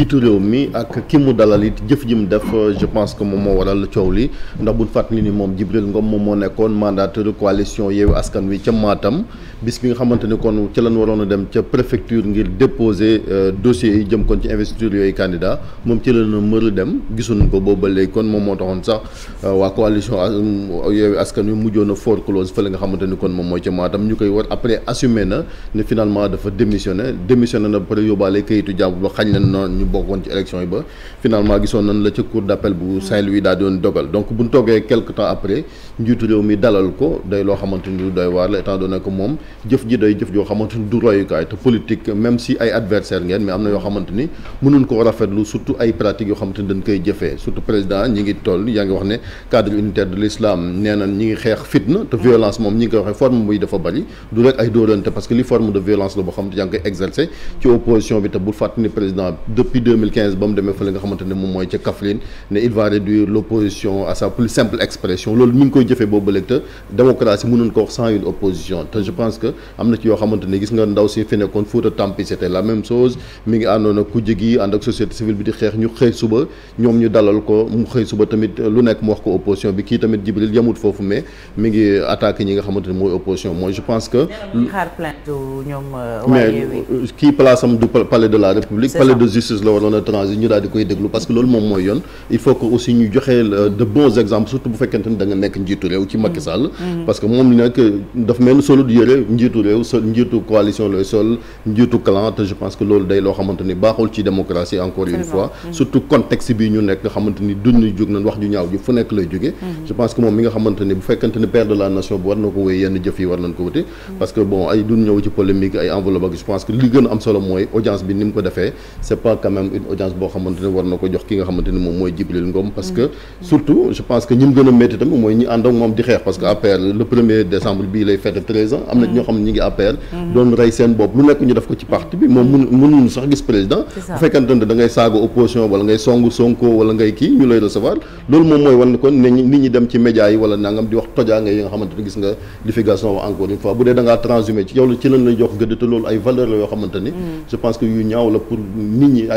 njiitu réew mi ak ki mu dalal it jëf ji mu def je pense que moo waral coow li ndax bu fàttali ni moom Jibril Ngom moom moo nekkoon mandataire coalition Yewwi Askan Wi kon ca euh, investiture yooyu candidat moom ci la ñu mën dem gisuñu ko boobu ba léegi kon moom moo taxoon sax euh, waa coalition euh, Yewwi Askan Wi mujjoon a forclose fële nga xamante kon moom mooy ca Matam ñu koy war après assumé na ne finalement dafa démissionné démissionné na pare yóbbaale kayitu jàmbur ba xañ leen noonu. bokkoon ci élection yi ba finalement gisoon nañ la ca cour d'appel bu Saint-Louis daal dogal donc bu ñu toogee quelque temps après njiitu réew mi dalal ko day loo xamante ni lu doy waar la étant donné que moom jëf ji day jëf joo xamante ni du royukaay te politique même si ay adversaire ngeen mais am na yoo xamante ni mënuñ ko rafetlu surtout ay pratiques yoo xamante ni dañ koy surtout président ñi ngi toll yaa ngi wax ne cadre unitaire de l'islam depuis 2015 ba mu demee fële nga xamante ne moom mooy ca Kaffrine ne il va réduire l'opposition à plus simple expression loolu mi ngi koy jëfee boobu léegi te démocratie mënoon ko wax sans opposition te je pense que am na ci yoo xamante gis nga ndaw si nekkoon Fouta bi di xeex ñu xëy suba ñoom tamit lu nekk mu wax ko opposition bi kii tamit Jibril yamut foofu mais mi ngi attaqué ñi nga xamante mooy opposition mooy je pense que euh, kii place du palais de la République palais de justice entreprise la waroon a transit ñu daal di koy déglu parce que loolu moom mooy yoon il faut que aussi ñu joxe euh, de bons exemples surtout bu fekkente ni da nekk njiitu réew ci Macky Sall mm. Mm. parce que moom nag daf mel ni baaxul ci démocratie encore une fois mm. surtout contexte bi ñu nekk nga xamante ni dunni jóg nañ wax ju ñaaw ji fu nekk lay jóge je pense que moom mi nga xamante ni bu fekkente ni père de la nation bu war na ko wéy yenn jëf yi war nañ ko ko defee c'est quand une audience boo xamante war na ko jox ki nga xamante moom mooy Djibril Ngom parce que surtout je pense que ñi mu gën mooy ñi ànd ak moom di xeex parce que APR le premier décembre bii lay fête 13 ans am na ñoo xam ne ñi ngi APR doon rey seen bopp lu nekk ñu def ko ci parti bi moom mun mënuñu sax gis président bu fekkante ne saaga opposition wala ngay songu Sonko wala ngay kii ñu lay recevoir loolu moom mooy wa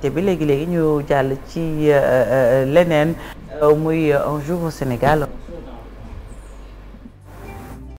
te bi léegi léegi ñu jàll ci euh, euh, euh, leneen muy un jour au Sénégal.